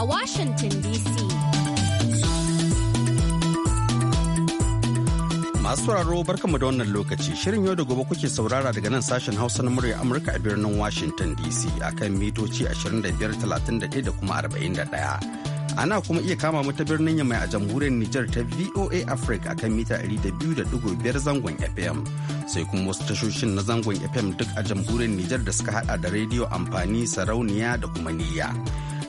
a Washington DC. Masu barka barkanmu da wannan lokaci shirin yau da gobe kuke saurara daga nan sashen Hausa na murya Amurka a birnin Washington DC akan mitoci 25,31 da kuma 41. Ana kuma iya kama mu ta birnin Yamai a jamhuriyar Nijar ta VOA Africa akan mita 200.5 zangon FM. sai kuma wasu tashoshin na zangon FM duk a jamhuriyar Nijar da suka hada da rediyo amfani sarauniya da kuma niyya.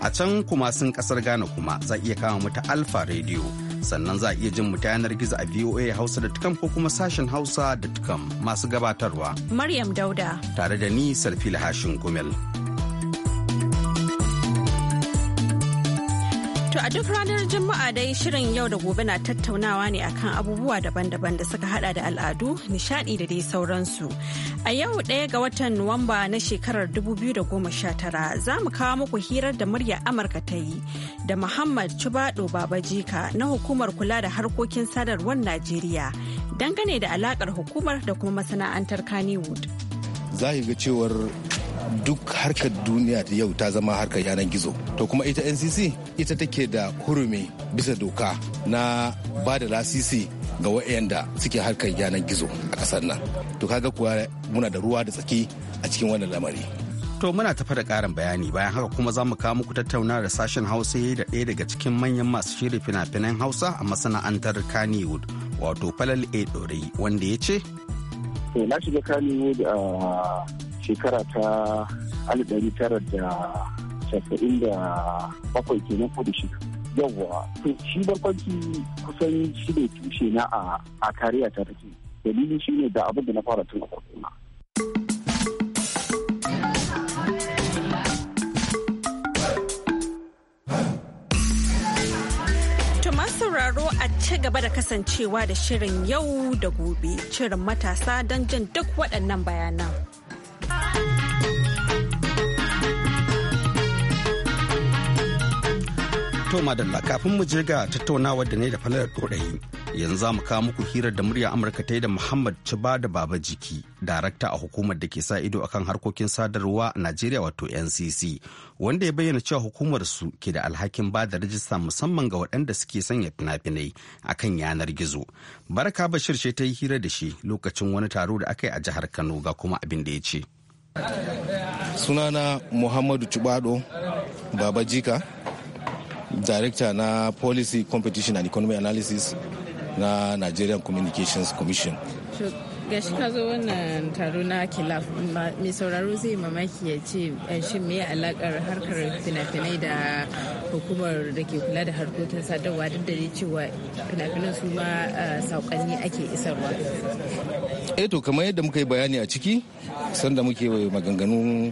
A can kuma sun kasar Ghana kuma za iya kama mu Alfa Radio. Sannan za iya jin mu ta yanar gizo a VOA tukam ko kuma sashen tukam masu gabatarwa. Maryam Dauda. Tare da ni sarfi Hashin Gumel. To a duk ranar Juma'a dai shirin yau da gobe na tattaunawa ne akan abubuwa daban-daban da suka hada da al'adu, nishadi da dai sauransu. A yau ɗaya ga watan Nuwamba na shekarar 2019 za mu kawo muku hirar da murya Amurka ta yi da Muhammad Chubado Babajika na hukumar kula da harkokin sadarwar Najeriya dangane da alakar hukumar da kuma masana'antar Kannywood. Za ga cewar duk harkar duniya ta yau ta zama harkar yanar gizo to kuma ita ncc ita take da hurumi bisa doka na ba da lasisi ga wa'yanda suke harkar yanar gizo a kasar nan to kaga kuwa muna da ruwa da tsaki a cikin wannan lamari To muna tafa da ƙarin bayani bayan haka kuma za mu kawo muku tattauna da sashen Hausa da ɗaya daga cikin manyan masu shirin fina-finan Hausa a masana'antar Kannywood wato Falal A Dore wanda ya ce? To eh, na shiga Kannywood a ah, shekara ta tara kenan ko da shida yawwa to shi barkwanci kusan shi ne tushe na a kariya ta take dalili shi ne da abin da na fara tun a farko sauraro a ci gaba da kasancewa da shirin yau da gobe shirin matasa don jin duk waɗannan bayanan. To madalla kafin mu je ga tattaunawa da ne da falar ɗorayi yanzu za mu kawo muku hirar da murya Amurka ta yi da Muhammad Ciba da Baba Jiki, darakta a hukumar da ke sa ido akan harkokin sadarwa a Najeriya wato NCC, wanda ya bayyana cewa hukumar su ke da alhakin ba da rajista musamman ga waɗanda suke sanya fina-finai akan yanar gizo. Baraka Bashir ce ta yi hira da shi lokacin wani taro da aka yi a jihar Kano ga kuma abin da ya ce. Sunana Muhammadu Cibado Baba Jika director na policy competition and economy analysis na nigerian communications commission gashi ka zo wannan taro na kilaf mai sauraro zai mamaki ya ce eh, shi me alakar harkar fina-finai da hukumar da ke kula da harkokin sadarwa duk da cewa fina-finan su ma eh, saukanni ake isarwa eh to kamar yadda muka yi bayani a ciki sanda muke maganganu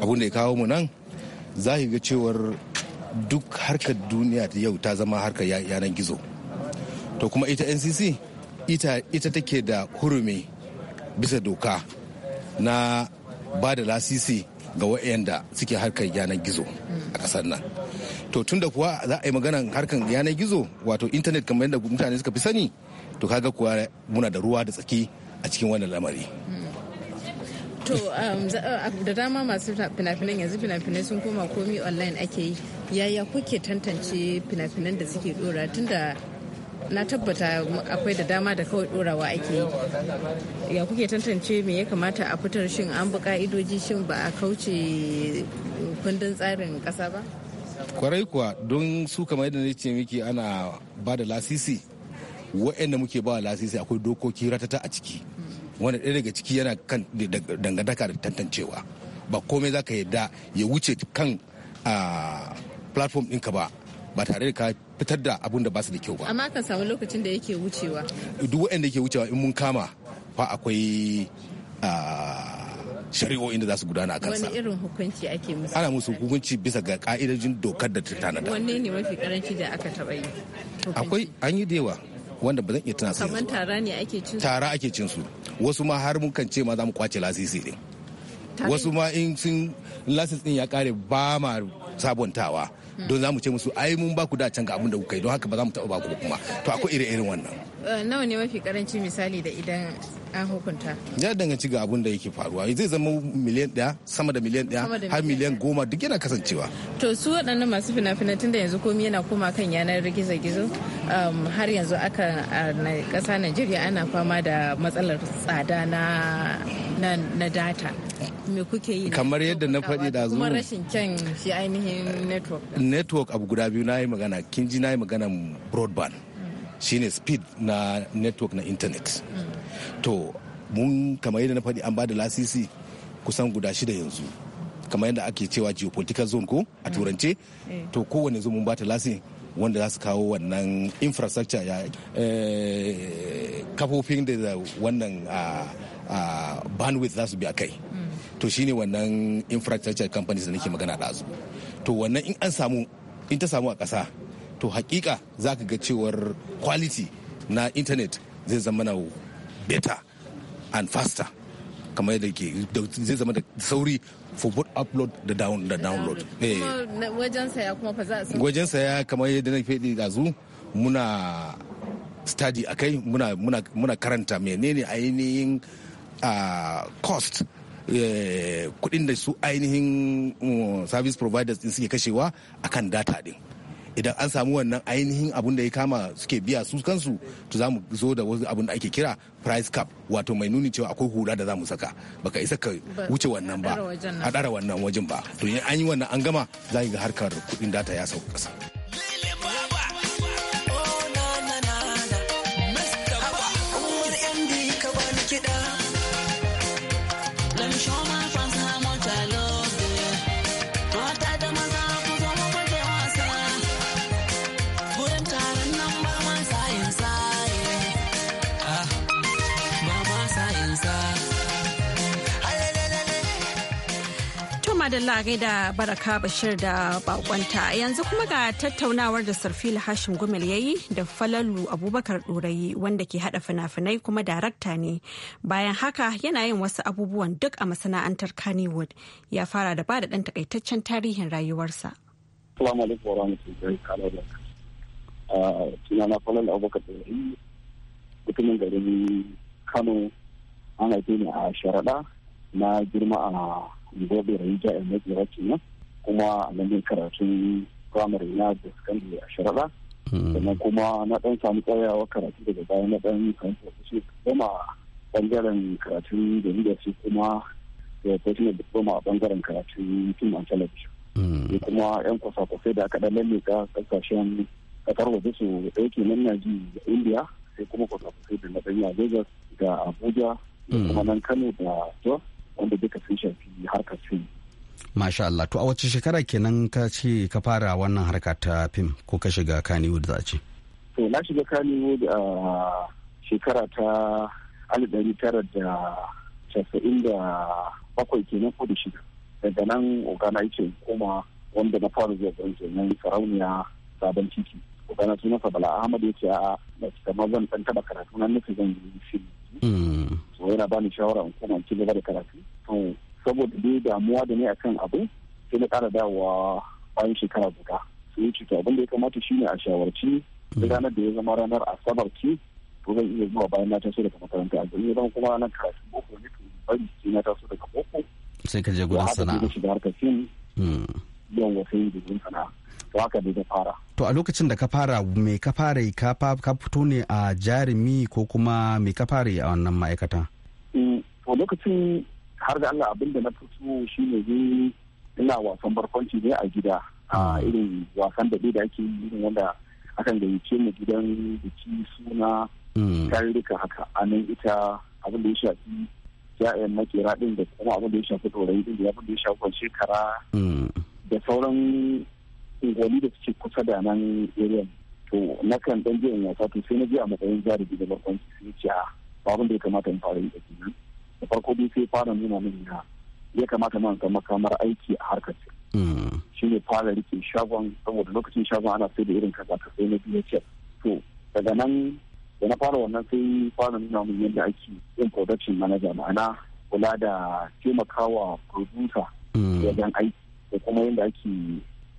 abun da ya kawo mu nan za ga cewar duk harkar duniya ta yau ta zama harkar yanar gizo to kuma ita ncc ita, ita take da hurumi bisa doka na ba da lasisi ga waɗanda suke harkar yanar gizo a ƙasar nan to tun da kuwa za a yi maganar harkar yanar gizo wato intanet kamar yadda mutane suka fi sani to kaga kuwa muna da ruwa da tsaki a cikin wannan lamari To um, uh, da dama masu fina-finan yanzu fina-finai sun koma komi online ake yi. Yaya kuke tantance fina-finan da suke dora tunda na tabbata akwai da dama da kawai dorawa ake yi. Ya kuke tantance me ya kamata a fitar shin an bi ka'idoji shin ba a kauce kundin tsarin kasa ba? Kwarai kuwa don su kamar yadda ce miki ana ba da lasisi wa'anda muke ba lasisi akwai dokoki ratata a ciki. wani ɗaya daga ciki yana kan dangantaka da tantancewa ba komai za ka yadda ya wuce kan platform ɗinka ba ba tare da ka fitar da abun da ba su da kyau ba amma kan samu lokacin da yake wucewa duk waɗanda yake wucewa in mun kama fa akwai shari'o'in da za su gudana a kansa. Wani irin hukunci ake musu? Ana musu hukunci bisa ga ka'idojin dokar da ta tanada. Wanne ne mafi karanci da aka taɓa yi? Akwai an yi da yawa wanda ba zan iya tuna su. Kamar tara ne ake cin su? Tara ake cin su. wasu ma har mukan ce ma za mu kwace lasisi din wasu ma in sun lasis din ya kare ba ma sabuntawa don za mu ce musu ai mun ba ku da can ga abin da kuka yi don haka ba za mu taɓa ku kuma to akwai ire irin wannan eh, nawa ne mafi karanci misali da idan an hukunta ya danganci ga abin da yake faruwa zai zama miliyan daya sama da miliyan daya har miliyan goma duk yana kasancewa to su waɗannan masu fina-finan tunda yanzu komi yana koma kan yanar gizo-gizo um, har yanzu aka ƙasa najeriya ana fama da matsalar tsada na data me kuke yi kamar yadda na faɗi da zuwa kuma rashin kyan shi ainihin network network abu guda biyu na yi magana kin ji na yi magana broadband shine speed na network na internet to mun kamar yadda na faɗi an ba da lasisi kusan guda shida yanzu kamar yadda ake cewa geopolitical zone ko a turance eh. to kowane zo mun bata lasi wanda za su kawo wannan infrastructure ya eh, kafofin da wannan bandwidth za su bi a kai mm. to shine wannan infrastructure companies da nake magana da su to wannan in an samu in ta samu a ƙasa to hakika za ka ga cewar quality na intanet zai zama na better and faster kamar yadda ke zai zama da sauri for both upload da down da download eh. wajen saya kuma fa za a wajen saya kamar yadda na muna study akai muna muna muna karanta menene ainihin ah, cost Eh, kuɗin da su ainihin mm, service providers din suke kashewa akan data din idan an samu wannan ainihin abun da ya kama suke biya su kansu to za mu zo da wasu abun da ake kira price cap wato mai nuni cewa akwai hula da za mu saka baka isa ka wuce wannan ba a ɗara wannan wajen ba to in an yi wannan an gama za ga harkar kuɗin data ya sauka ƙasa. madalla gaida baraka bashir da bakonta yanzu kuma ga tattaunawar da sarfil hashim gumel yayi da falalu abubakar ɗorayi wanda ke hada fina-finai kuma darakta ne bayan haka yana yin wasu abubuwan duk a masana'antar kannywood ya fara da ba da ɗan takaitaccen tarihin rayuwarsa ah, garin kano a sharaɗa na girma a gobe Raija a mazira kenan kuma a min karatun firamare na da sakandare a sharaɗa hmm. sannan kuma na ɗan samu tsayawa karatu daga baya na ɗan samu professional diploma ɓangaren karatun da leadership kuma da professional diploma a bangaren karatun film a television hmm. da kuma yan kwasa-kwasai da aka ɗan ka ƙasashen ƙasar waje su ɗauke nan na ji india sai kuma kwasa-kwasai da na a lagos da abuja da hmm. kuma nan kano da jos wanda duka sun shafi harkar fim masha Allah to a wace shekara kenan ka ce ka fara wannan harka ta fim ko ka shiga Kannywood za a ce to na shiga Kannywood a shekara ta alif ɗari tara da casa'in da bakwai kenan ko da shida daga nan ogana yake koma wanda na fara zuwa ɗan kenan sarauniya sabon titi ogana sunansa bala ahmad ya ce a kamar zan ɗan taɓa karatu na nufin zan yi fim hmm. so mm. yana bani shawara in koma ci gaba da karatu to saboda dai damuwa da ne akan abu sai na ƙara dawowa bayan shekara guda su yi cuta abin da ya kamata shi ne a shawarci mm. ranar da ya zama ranar asabar ce to zan iya zuwa bayan na taso daga makaranta a gari zan kuma ranar karatu boko ne to bari sai na taso daga boko sai ka je gurin sana'a harkar mm. sana'a to haka ne na fara to a lokacin da ka fara me ka fara yi ka fito ne a jarumi ko kuma me ka fara yi a wannan ma'aikata mm, to lokacin har da Allah abinda da na fito shine ne ina wasan barkwanci ne a gida a ah. irin wasan da da ake yi irin wanda akan gayyace mu gidan biki suna mm. tarurruka haka a nan ita abin da ya shafi ya'yan makera din da kuma abin da ya shafi tsoron din da abin da ya shafi shekara mm. da sauran unguwanni da suke kusa da nan irin to na kan dan jiya in sato sai na jiya a matsayin jaribi da barkon sai ce ah, a abin da ya kamata in fara yi da kenan da farko dai sai fara nuna min na ya kamata man ga makamar aiki a harkar mm. shi ne fara rike shagon saboda lokacin shagon ana sai da irin kaza ta sai na biya ce to daga nan da na fara wannan sai fara nuna min yadda ake yin production manager ma'ana kula da taimakawa producer mm. wajen aiki da kuma yadda ake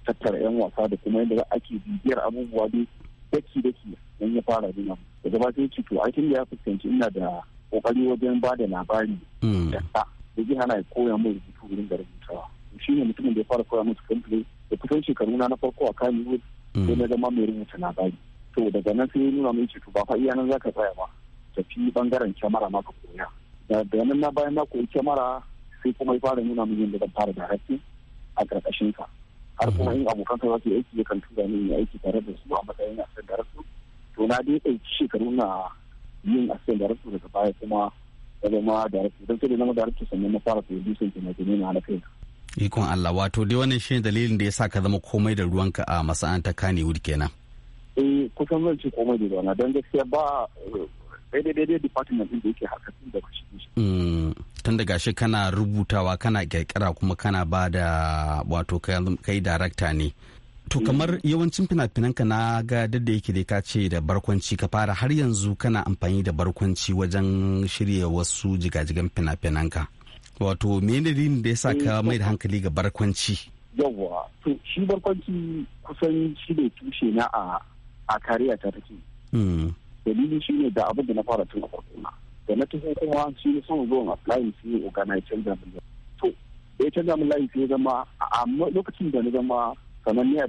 tattara 'yan wasa da kuma yadda ake bibiyar abubuwa dai daki daki don ya fara nuna da gaba sai ce to aikin da ya fuskanci ina da kokari wajen ba da labari mm. da ta da ji hana koya mai rubutu wurin da rubutawa shi ne mutumin da ya fara koya musu kamfani da kusan shekaru na na farko a yiwu mm. sai na zama mai rubuta labari to daga nan sai ya nuna mai ce ba fa iya nan za ka tsaya ba tafi bangaren kyamara ma ka koya daga nan na bayan na koyi kyamara sai kuma ya fara nuna min yadda zan fara da a ƙarƙashin ka har kuma mm-hmm. in abokan kai wasu aiki yakan tura ni ya aiki tare da su a matsayin asirin da rasu to na dai ɗauki shekaru na yin asirin da rasu daga baya kuma da zama da rasu don sai da zama da rasu sannan na fara producing fina-finai na kai ikon Allah wato dai wannan shi dalilin da ya sa ka zama komai da ruwanka a masana'anta kane wuri kenan eh kusan zan ce komai da ruwana don gaskiya ba akwai dai daidai department din da yake haka tun da shi mm, tun daga shi kana rubutawa kana kirkira kuma kana ba da wato kai darakta ne to mm. kamar yawancin fina ka na ga da yake dai ka ce da barkwanci ka fara har yanzu kana amfani da barkwanci wajen shirya wasu jigajigan fina ka wato ne da ya sa ka eh, mai da hankali ga barkwanci yawwa to shi barkwanci kusan shi ne tushe na a kariya ta take mm. dalili shi ne da abin da na fara tun a farko da na tafi kuma shi ne zuwa zuwan applying shi yi ogana ya canza to ya canza min layi sai zama a lokacin da na zama kamar ni a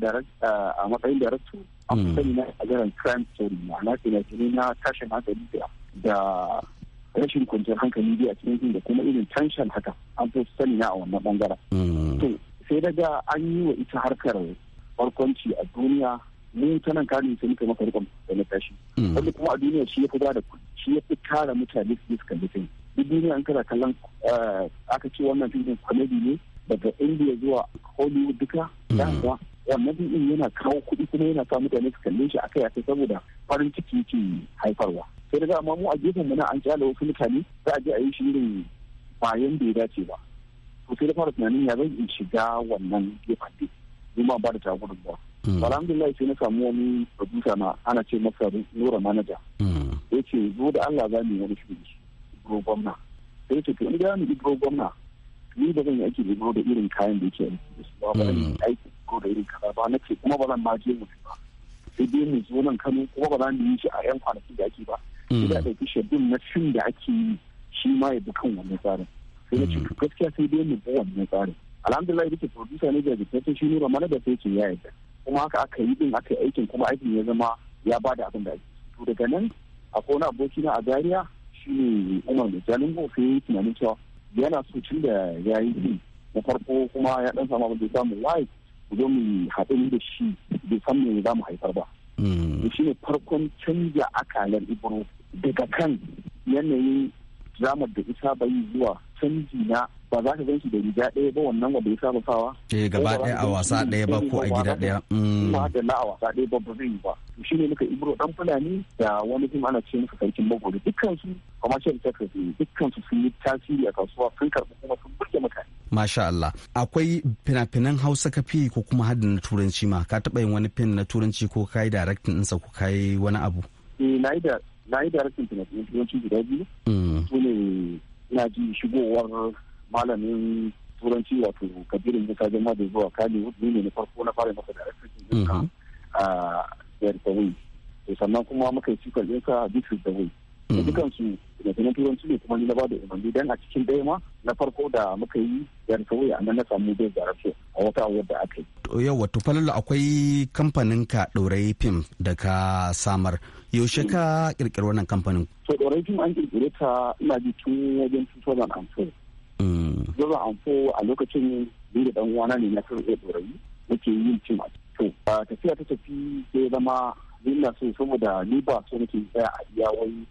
matsayin rasu a hmm. sani na a garin crime story ma'ana na finai na tashin hankali da rashin kwanciyar hankali biya cikin jin da kuma irin tension haka an fi sani na a wannan bangaren. Hmm. To sai daga an yi wa ita harkar barkwanci a duniya mu ta nan kare sai muka maka rikon da na tashi mm. wanda kuma a duniya shi ya fi bada shi ya fi kara mutane su suka ji fim duk duniya an kara kallon eh, aka ce wannan fim comedy ne daga india zuwa hollywood duka da mm. wannan fim yana kawo kuɗi kuma yana sa mutane su kalle shi akai akai saboda farin ciki ke haifarwa sai daga amma mu a gefen mu na an kyale wasu mutane za a je a yi shi irin bayan da dace ba to sai da fara tunanin ya zan in shiga wannan gefen ne ma ba da takurin ba Mm. alhamdulillah sai na samu wani producer na ana ce masa nura manaja mm. ya ce zo da allah za mu wani shi ibro gwamna sai ce to in gani ibro gwamna ni da zan yi aiki ibro da irin kayan da yake aiki da su ba ba ni mm. aiki ko da irin kaza ba na ce kuma ba zan ma je mutu ba sai dai mu zo nan kano kuma ba za mu yi shi a yan kwanaki da ake ba sai da ɗauki shaddun na fim da ake yi shi ma ya bi kan wannan tsarin sai na ce gaskiya sai dai mu bi wannan tsarin alhamdulillah ya ce producer ne da ce shi nura manager sai ce ya yarda kuma haka aka yi din aka yi aikin kuma aikin ya zama ya bada abin da ake to daga nan akwai wani aboki na a Zariya? shine Umar da Jalingo sai yi tunanin cewa yana so tun da ya yi na farko kuma ya dan sama abin da samu wai ku zo mu haɗu da shi bai san me za mu haifar ba hmm. to shi ne farkon canja akalar ibro daga kan yanayin zamar da isa bai zuwa canji na ba za ka gan shi da riga ɗaya ba wannan wanda ya saba fawa. Eh gaba ɗaya a wasa ɗaya ba ko a gida ɗaya. Mm. Ba da na a wasa ɗaya ba ba zai yi ba. Shi ne muka Ibro ɗan Fulani da wani fim ana ce musu sarkin magori dukkan su commercial sector ne dukkan su sun yi tasiri a kasuwa sun karɓi kuma sun burge mutane. Masha Allah akwai fina-finan Hausa ka fi ko kuma hadin na Turanci ma ka taɓa yin wani fin na Turanci ko ka yi directing ɗinsa ko ka yi wani abu. Eh na yi da na yi directing fina-finan Turanci guda biyu. Mm. Su ne ji shigowar malamin turanci wato kabirin jika jama da zuwa kali ni ne na farko na fara masa direction ɗinka mhm. a yar the way to sannan kuma muka yi cikon ɗinka this is the way da mhm. dukansu da tunan turanci ne kuma ni na ba da umarni dan a cikin ɗaya ma na farko da muka yi yar kawai a nan na samu bai da rafi a wata awar da aka yi. to yau wato falalu akwai kamfanin ka ɗorai fim da ka samar yaushe ka ƙirƙiri wannan kamfanin. to ɗorai fim an ƙirƙire ta ina ji tun wajen 2004 zuba amfo a lokacin ni da dan uwana ne na kan iya dorayi nake yin cima a to tafiya ta tafi ya zama ina so saboda ni ba so nake tsaya a iya wani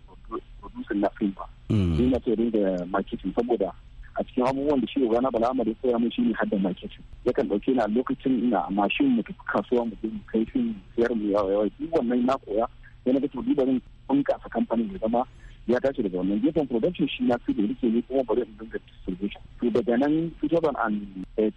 na film ba mm. ni na ringa marketing saboda a cikin abubuwan da shi rana bala amari koya mun shine hadda marketing yakan dauke ni a lokacin ina mashin mu tafi kasuwa mu je kai fim siyar mu yawa yawa duk wannan na koya yana da to bunkasa kamfanin da zama ya tashi daga wannan gefen production shi na fito rike ne kuma bari in dinga distribution to daga nan 2008 eh,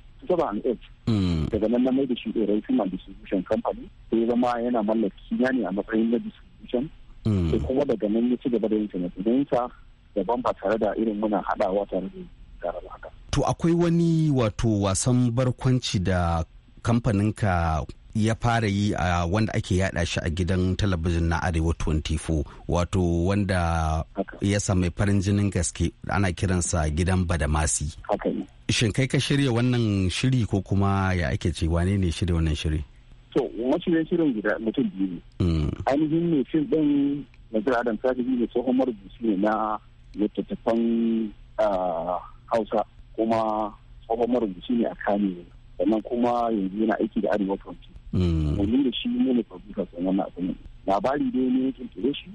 hmm. daga nan na mai da shi ɗorai film and distribution company sai zama yana mallaki na ne a matsayin na distribution sai hmm. kuma daga nan ya ci gaba da internet idan sa daban ba tare da irin muna haɗawa tare da gara haka. To akwai wani wato wasan barkwanci da kamfaninka ya fara yi a wanda ake yada shi a gidan talabijin na arewa 24 wato wanda ya sami farin jinin gaske ana kiransa gidan badamasi shin kai ka shirya wannan shiri ko kuma ya ake ce wane ne shirya wannan shiri to ne shirin guda mutum biyu ne hmm. ainihin ne fim din nazar adam tajiri ne tsohon marubuci ne na littattafan hausa kuma tsohon marubuci ne a kano sannan kuma yanzu yana aiki da arewa kwanci Mm. domin da shi ne da fabrika sun wannan abin labari da ne ya kirkire shi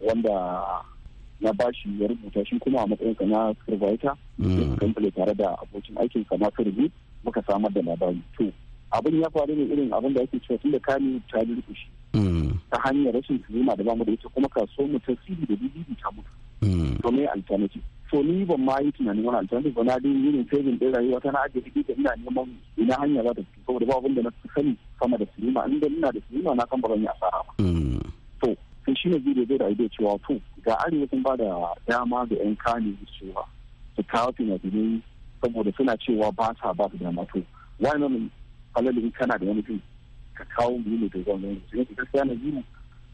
wanda na ba shi ya rubuta shi kuma a matsayin ka na survivor mm. kamfani tare da abokin aikin ka na survi muka samar da labari to abin ya faru ne irin abin da ake cewa tun da ne ta durkushi mm. ta hanyar rashin tuhuma da bamu da ita kuma kasuwar mu ta da bibibi ta mutu Domin me alternative to ni ban ma yi tunanin wani alternative ba na yi ne saving din rayuwa ta na ajiye kuɗi da ina neman ina hanya za ta fi saboda ba abinda na na sani sama da sinima in da ina da sinima na kan ba yi asara ba to sun shi ne zai zai da cewa to ga arewa sun ba da dama ga yan kane cewa su kawo fina-finai saboda suna cewa ba sa ba su dama to why not kana da wani fim ka kawo mu ne da gwamnati gaskiya na biyu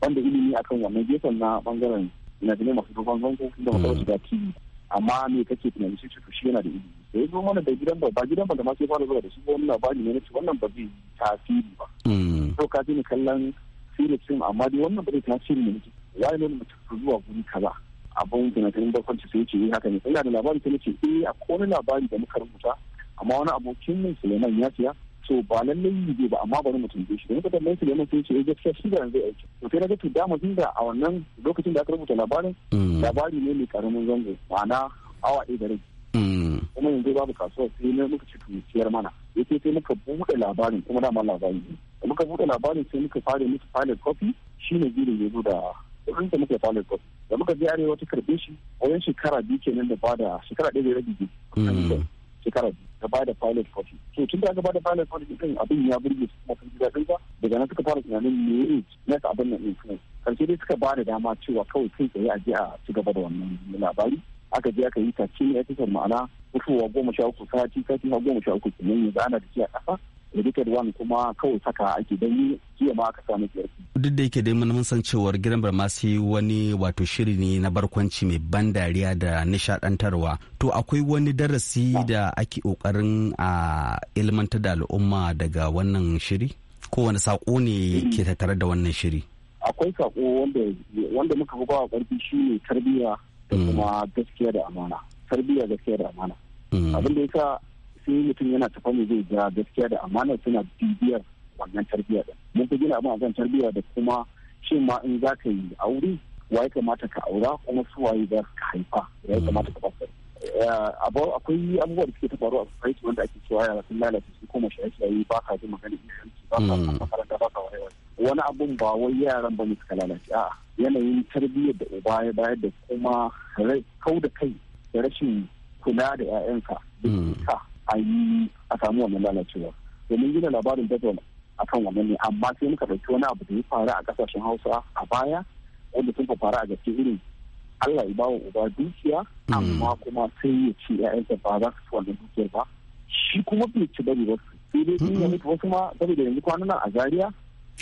wanda ilimi akan wannan gefen na bangaren ina da masu dogon zango da masu shiga tv amma me kake tunani shi shi shi yana da ilimi da ya zo mana da gidan ba ba gidan ba da ma sai fara zuwa da shi wani labari ne na ce wannan ba zai tasiri ba ko hmm. ka ji ni kallon Felix din amma dai wannan ba zai tasiri ne ya ne mutum zuwa guri kaza abun da na ganin barkwanci sai ce eh, haka ne ina da labari sai ce eh ko wani labari da muka rubuta amma wani abokin mu Suleiman ya siya so ba lallai yi ba amma bari mutum shi da ka tambaye su da mutum ce eh, gaskiya shi zai aiki to kai na ga to da mutum da a wannan lokacin da aka rubuta labarin mm. labari ne mai karamin zango ma'ana awa ɗaya da rai mm. kuma yanzu babu kasuwa sai na muka ci tumisiyar mana yake sai muka buɗe labarin kuma dama labarin ne da muka buɗe labarin sai muka fara musu pilot copy shi ne zirin ya zo da kuɗin da muka pilot copy da muka je arewa ta karɓe shi wajen shekara biyu kenan da ba da shekara ɗaya da rabi biyu shekarar ta ba da pilot forty to tun da aka ba da pilot forty din abin ya burge su kuma sun ji daɗin daga nan suka fara tunanin me ne ka abin nan din kuma karshe dai suka ba da dama cewa kawai kai tsaye a je a ci gaba da wannan labari aka je aka yi tace ne ya ma'ana mutuwa goma sha uku sati sati har goma sha uku kenan yanzu ana da shi a ƙasa edited one kuma kawai saka ake don yi jiya ma aka sami biyar. duk da yake dai mun san cewar gidan barmasi wani wato shiri ne na barkwanci mai ban dariya da nishadantarwa to akwai wani darasi da ake kokarin a ilmantar da al'umma daga wannan shiri ko wani sako ne ke tattare da wannan shiri akwai sako wanda wanda muka fi bawa karfi shine tarbiyya da mm. kuma gaskiya da amana tarbiyya gaskiya da amana mm. abin da yasa sai mutum yana tafa mu zai ga gaskiya da amana suna bibiyar wannan tarbiyyar din mun fi gina abin akan tarbiyya da kuma shin ma in za ka yi aure waye kamata ka aura kuma su waye za ka haifa ya hmm. kamata ka fasa eh, akwai abubuwa da suke ta faru a society wanda ake cewa yara sun lalace su kuma shaye-shaye ba ka ji magana iyayensu ba ka hmm. makaranta ba ka wayewa wani abun ba wai yaran ba ne suka lalace a yanayin tarbiyyar da uba ya bayar da kuma kau da kai da rashin kula da 'ya'yanka duk hmm. a yi a samu wannan lalacewa domin gina labarin dajon a kan wannan ne amma sai muka ɗauki wani abu da ya faru a ƙasashen hausa a baya wanda sun faru a gaske irin allah ya bawa uba dukiya hmm. amma kuma sai ya ce ya'yansa ba za su ci wannan dukiyar ba shi kuma bai ci bari ba sai dai sun yanzu hmm. wasu ma saboda yanzu kwanan a zaria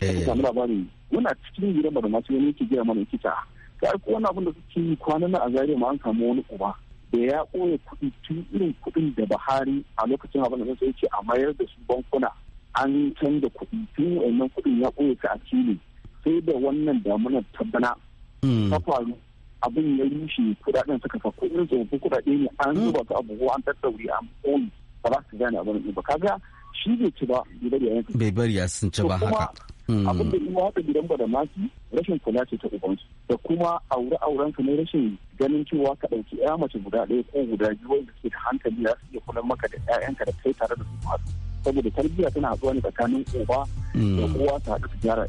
eh. aka samu labari muna cikin gidan ba da masu yanzu ke gina mana kita ga ko wani abin da suke yi kwanan a zaria ma an samu wani uba da ya ƙone kuɗi tun irin kuɗin da Buhari a lokacin abin da sai ce a mayar da su bankuna an canza kuɗi tun wannan kuɗin ya ƙone ta a fili sai da wannan damunar ta bana hmm. ta faru abin ya rushe kuɗaɗen suka fa kuɗin tsofaffin kuɗaɗe ne an hmm. zuba su abubuwa an tattauri an ƙone ba za su gane abin ba kaga shi bai ci ba bai bari ya sun ci ba haka Hmm. abin da kuma haka gidan masu rashin kula ce ta ubansu da kuma aure auren ka ne rashin ganin cewa ka ɗauki ya mace guda ɗaya ko guda biyu wanda suke da hankali za su iya kula maka da ƴaƴanka da kai tare da su masu saboda tarbiyya tana zuwa ne tsakanin uba da hmm. uwa ta haɗu ta gyara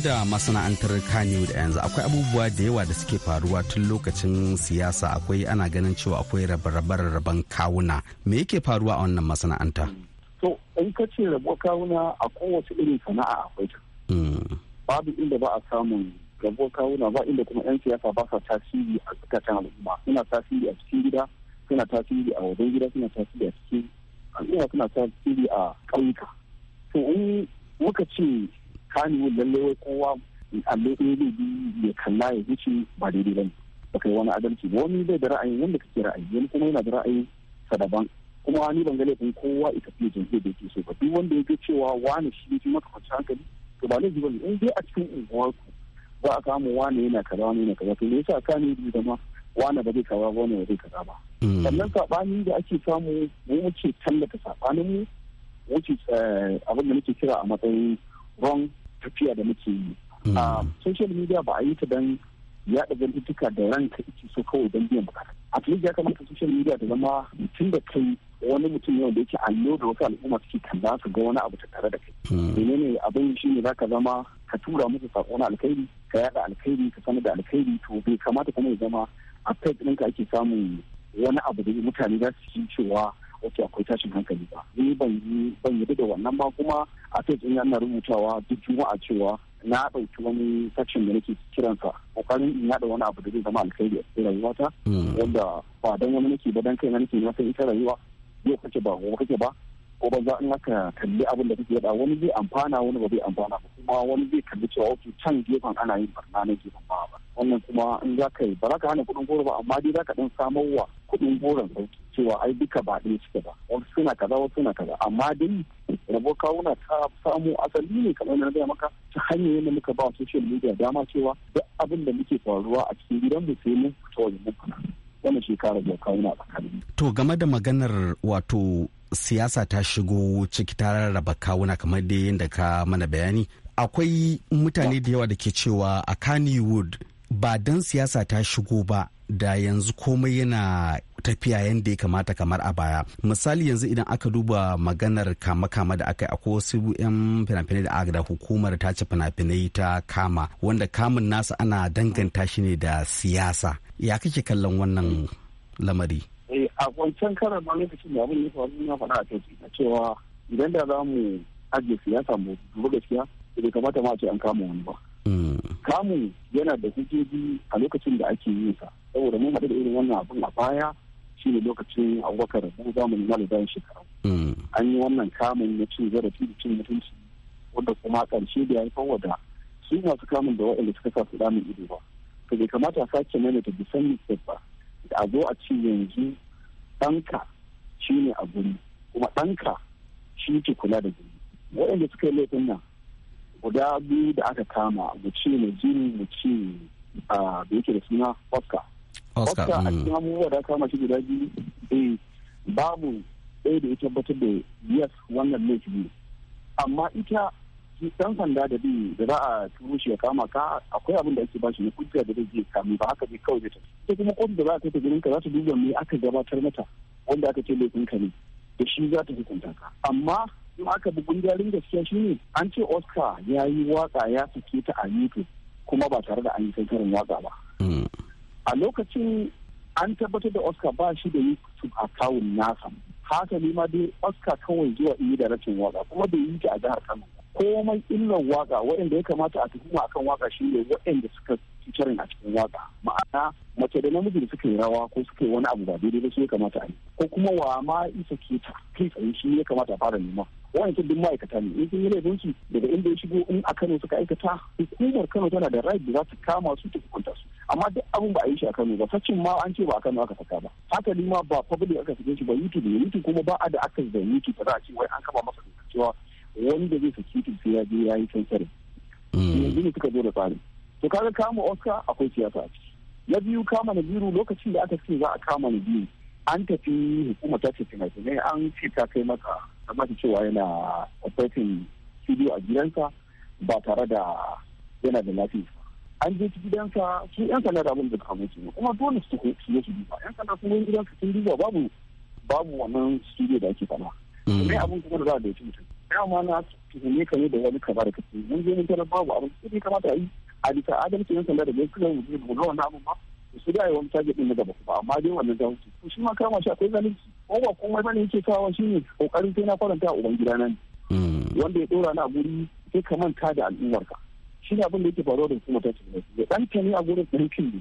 da masana'antar kaniyu da yanzu akwai abubuwa da yawa da suke faruwa tun lokacin siyasa akwai ana ganin cewa akwai rabar raban kawuna me yake faruwa a wannan masana'anta to in ka ce rabo kawuna a kowace irin sana'a akwai ta hmm. babu inda ba a samun rabo kawuna ba inda kuma yan siyasa ba sa tasiri a zukatan al'umma suna tasiri a cikin gida suna tasiri a wajen gida suna tasiri a cikin al'umma suna tasiri a ƙauyuka to in muka ce kani lalle wai kowa allo ɗaya zai bi ya kalla ya wuce ba daidai ba ne ba kai wani adalci ba wani zai da ra'ayi wanda kake ra'ayi wani kuma yana da ra'ayi sa daban kuma ni ban ga laifin kowa ita fiye zai da yake so ba duk wanda ya ga cewa wani shi yake maka kwanci hankali to ba laifi ba ne in dai a cikin unguwarku za a kama wani yana kaza wani yana kaza to me yasa ka ne da ma wani ba zai kaza ba wani ba zai kaza ba mm. sannan saɓani da ake samu mu wuce tallata saɓanin mu wuce eh, abin da nake kira a matsayin wrong tafiya da muke yi hmm. ah, social media ba a yi ta don yaɗa zantuttuka da ranka ita so kawai don biyan bukata a least ya kamata social media ta zama mutum da kai wani mutum yau da yake allo da wasu al'umma suke kalla su ga wani abu ta tare da kai hmm. menene abin shi ne za ka zama ka tura musu sako na alkhairi ka yaɗa alkhairi ka sanar da alkhairi to bai kamata kuma ya zama a page ɗinka ake samun wani abu da mutane za su ci cewa wato akwai tashin hankali ba ni ban yi ban yi da wannan ba kuma a kai ina na rubutawa duk juma'a cewa na ɗauki wani section da nake kiransa kokarin in yada wani abu da zai zama alkhairi a cikin rayuwata hmm. wanda ba dan wani nake ba dan kai na nake na san ita rayuwa yau kake ba gobe kake ba ko ban za in aka kalli abin da kake yada wani zai amfana wani ba zai amfana ba kuma wani zai kalli cewa wato can gefen ana yin barna na gefen ba wannan kuma in za ka yi ba za ka hana kuɗin goro ba amma dai za ka ɗan samar wa kuɗin goron sauki cewa ai duka ba ɗaya suke ba wasu suna kaza wasu suna kaza amma dai rabo kawuna ta samu asali ne kamar na gaya maka ta hanyar da muka ba social media dama cewa duk abin da muke faruwa a cikin gidan mu sai mun fito wajen mu wannan shekara da kawuna tsakanin. to game da maganar wato siyasa ta shigo ciki ta rarraba kawuna kamar dai yadda ka mana bayani akwai mutane da yawa da ke cewa a kannywood ba don siyasa ta shigo ba da yanzu komai yana tafiya yadda ya kamata kamar a baya misali yanzu idan aka duba maganar kama-kama da aka yi akwai wasu 'yan fina-finai da aka da hukumar ta ci fina-finai ta kama wanda kamun nasa ana danganta shi ne da siyasa ya kake kallon wannan lamari eh, a wancan karar ma lokacin da abin ya faru na faɗa a kai cewa idan da za mu ajiye siyasa mu dubi gaskiya bai kamata ma a ce an kama wani ba kamu yana da hujjoji a lokacin da ake yi sa saboda mun haɗu da irin wannan abin a baya shi ne lokacin abubakar mu zamani malu bayan shekaru an yi wannan kamun na cin zarafi da cin mutunci wanda kuma ƙarshe da ya yi fawada su masu kamun da waɗanda suka sa su damun ido ba to bai kamata a sake mana da bisan ba da a zo a ci yanzu ɗanka shi ne a guri kuma ɗanka shi ke kula da guri waɗanda suka yi laifin nan guda biyu da aka kama guci ne jini guci da yake da suna oscar oscar a mm. cikin abubuwa da kama shi guda biyu eh babu ɗaya da ya tabbatar da yes wannan laifi amma ita dan sanda da bi da za a turo shi ya kama ka akwai abin da ake ba shi na hujja da zai kama ba haka zai kawai ta kuma kotu da za ta ta ka za ta duba me aka gabatar mata wanda aka ce laifin ka ne da shi za ta hukunta ka amma in aka bugun jarin gaskiya shine an ce oscar ya yi waka ya fike ta a youtube kuma ba tare da an yi sankarin waka ba hmm. a lokacin an tabbatar da oscar ba shi da youtube account nasa haka ne ma dai oscar kawai zuwa iya da rashin waka kuma da yi ta a jihar kano komai illar waka waɗanda ya kamata a tuhuma akan waka shi ne waɗanda suka ficarin a cikin waka ma'ana mace da namiji da suka yi rawa ko suka yi wani abu ba daidai ba shi ya kamata a yi ko kuma wa ma isa ta kai tsaye shi ya kamata a fara nema wa'ancin duk ma'aikata ne in sun yi laifin su daga inda ya shigo in a Kano suka aikata hukumar Kano tana da right da za ta kama su ta hukunta su amma duk abin ba a yi shi a Kano ba facin ma an ce ba a Kano aka saka ba haka ma ba public aka sake shi ba YouTube ne YouTube kuma ba a da aka da YouTube ba za a ce wai an kama masa doka cewa wanda zai saki YouTube sai ya je ya yi kansare hmm. yanzu ne suka zo da tsarin to kaga kama Oscar akwai siyasa a ciki na biyu kama na biyu lokacin da aka ce za a kama na biyu an tafi hukumar ta ce fina an ce ta kai maka kamata cewa yana operating studio a gidansa ba tare da yana da lafiya an je gidansa su yan sanda da abin da kamo su kuma dole su su yi su duba yan sanda su yin gidansa sun duba babu babu wannan studio da ake fada mai mm. abin kuma da za a dauki mutum ma na tuhumi ka ne da wani kaba da kace mun je mun tarar babu abin da kamata a yi a bisa adalci yan sanda da bai kuma mu ga wannan abin ba su da yawan target din na ba amma dai wannan da hutu to shi ma kama shi akwai zalunci ko ba komai bane yake kawo shi ne kokarin kai na faranta a uban gida nan hmm. wanda ya dora na guri sai ka manta da al'ummarka shi ne abin da yake faruwa da kuma ta cikin ya dan ne a gurin ɗarkin ne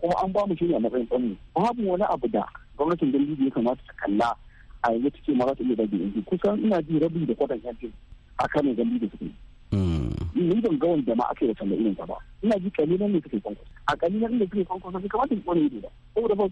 kuma an ba mu shi ne a matsayin tsanni babu wani abu da gwamnatin dalili ya kamata ta kalla a yanzu take ma za ta iya rage yanzu kusan ina ji rabi da kwatan yanzu a kanin dalili da suke ni ban ga wanda ma ake yi wata irin ba ina ji kalilan ne suke kwankwas a kalilan ne suke kwankwas sai kamata su kone ido ba saboda ba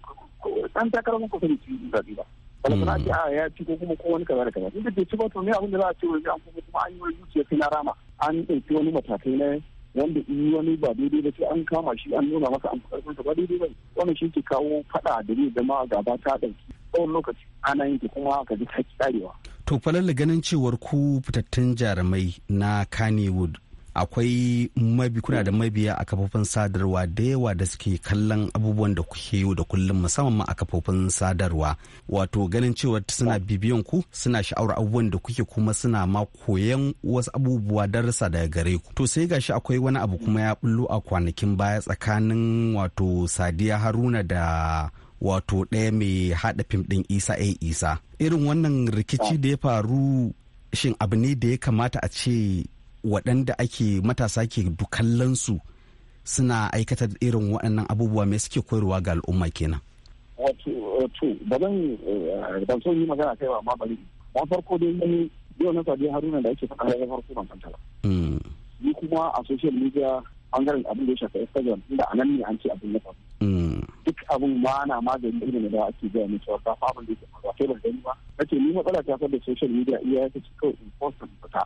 san ta karamin ne ci yi zaɓi ba balabana ji hmm. a ah, ya ci ko kuma ko wani kaza da kaza inda ke ci ba to ne abin da za a ce wani an kuma kuma an yi wani zuciya sai na rama an ɗauki wani matakai na wanda in wani ba daidai ba sai an kama shi an nuna masa an karfin ba daidai ba wannan shi ke kawo faɗa da ne zai zama gaba ta ɗauki tsawon lokaci ana yin kuma ka ji ta ƙarewa. To falalla ganin cewar ku fitattun jarumai na Kannywood akwai mabi kuna da mabiya a kafofin sadarwa da yawa da suke kallon abubuwan da kuke yi da kullum musamman ma a kafofin sadarwa wato ganin cewa suna bibiyan ku suna sha'awar abubuwan da kuke kuma suna ma koyan wasu abubuwa darasa daga gare ku to sai gashi akwai wani abu kuma ya bullo a kwanakin baya tsakanin wato sadiya haruna da wato ɗaya mai haɗa fim ɗin isa a isa irin wannan rikici da ya faru shin abu ne da ya kamata a ce waɗanda ake matasa ke kallon su suna aikata irin waɗannan abubuwa mai suke koyarwa ga al'umma kenan. Wato, ba zan eh, ban so yi magana kai ba bari. Na farko dai ni yau na sadi haruna da ake faɗa ya farko ban kanta ba. Mm. Ni kuma a social media bangaren abin da ya shafi Instagram inda a nan ne an ce abin ya faru. duk abin ma na magani irin da ake gaya mai cewa ba abin da ba sai ban gani ba nace ni matsala ta da social media iya ci ci kawai important fita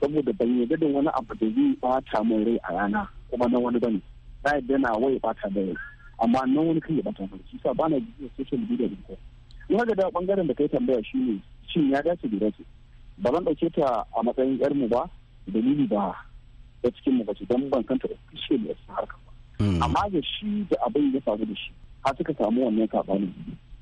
saboda ban yi da wani abu da zai bata mun rai a rana kuma na wani bane na yadda na wai bata da rai amma na wani kan ya bata min shi sa ba na jiya social media din ko ni ga da bangaren da kai tambaya shi ne shin ya dace da dace ba zan ɗauke ta a matsayin yar mu ba dalili ba ta cikin mu ba ce dan ban kanta official a cikin harkar amma da shi da abin ya faru da shi har suka samu wannan sabanin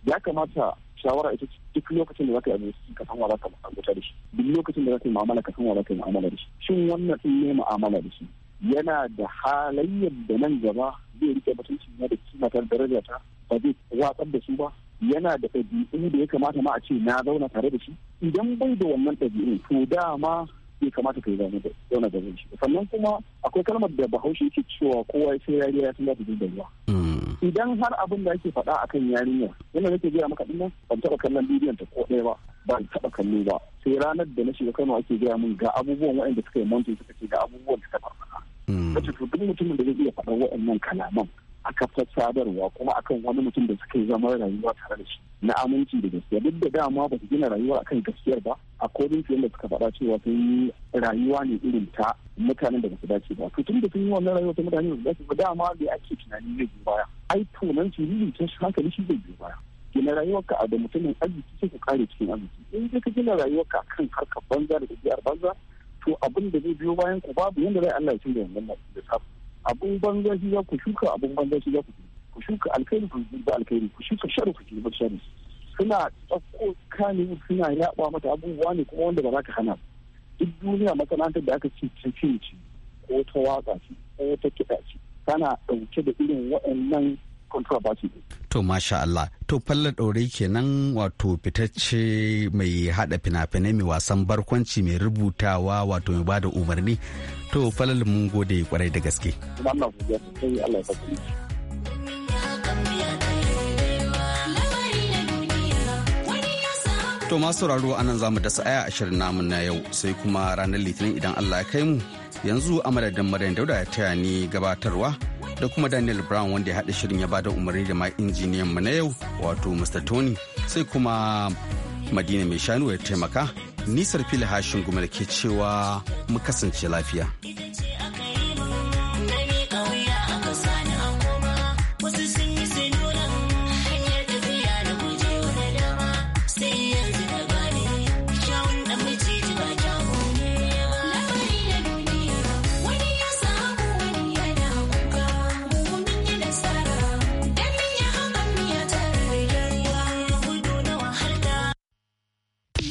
ya kamata shawara ita duk lokacin da za ka yi abinci ka san wa ka mu'amala da shi duk lokacin da za ka yi mu'amala ka san wa ka mu'amala da shi shin wannan din ne mu'amala da shi yana da halayyar da nan gaba zai rike mutunci na da ta daraja ta ba zai watsar da su ba yana da ɗabi'u da ya kamata ma a ce na zauna tare da shi idan bai da wannan ɗabi'u to dama ya kamata ka yi zaune da zaune da sannan kuma akwai kalmar da bahaushe ke cewa kowa ya sai yariya ya san da zai dalwa mm. idan har abin da ake faɗa a akan yarinya yana nake gaya maka dinnan ban taɓa kallon bidiyon ta ko ɗaya ba ban taɓa kallo ba sai ranar da na shiga kano ake gaya mun ga abubuwan waɗanda suka yi mantu suka ce ga abubuwan da ta faɗa. Mm. Kace to duk mutumin da zai iya faɗa waɗannan kalaman a kafar sadarwa kuma akan wani mutum da suka yi zaman rayuwa tare da shi na aminci da gaskiya duk da dama ba su gina rayuwa akan gaskiyar ba a kodin su yadda suka faɗa cewa sun yi rayuwa ne irin ta mutanen da dace ba to tun da sun yi wannan rayuwa ta mutane da su ba dama da ake tunani zai biyu baya ai nan su yi ta hankali shi zai biyu baya gina rayuwarka a da mutumin arziki sai ka kare cikin arziki in ka gina rayuwarka kan harkar banza da ɗabi'ar banza to abin da zai biyo bayan ku babu yadda zai Allah ya canza wannan safe abun banza shi za ku shuka abun banza shi za ku ku shuka alkhairi ku ba alkhairi ku shuka sharri ku da sharri suna tsakko kani suna yaba mata abubuwa ne kuma wanda ba za ka hana duk duniya masana'antar da aka ci cikin ci ko ta waka ce ko ta kiɗa ce tana ɗauke da irin waɗannan controversy. To masha Allah, to falla ɗore kenan wato fitacce mai haɗa fina-finai mai wasan barkwanci mai rubutawa wato mai bada umarni. To falla mun gode kwarai da gaske. To masu sauraro anan zamu da aya ashirin namun na yau sai kuma ranar litinin idan Allah ya kai mu yanzu a madadin madadin dauda ya taya ni gabatarwa da kuma Daniel Brown wanda ya haɗa shirin ya bada umarni da ma injiniyan mu na yau wato Mr. Tony sai kuma Madina mai shanu ya taimaka nisar fili hashin gumar ke cewa mu kasance lafiya.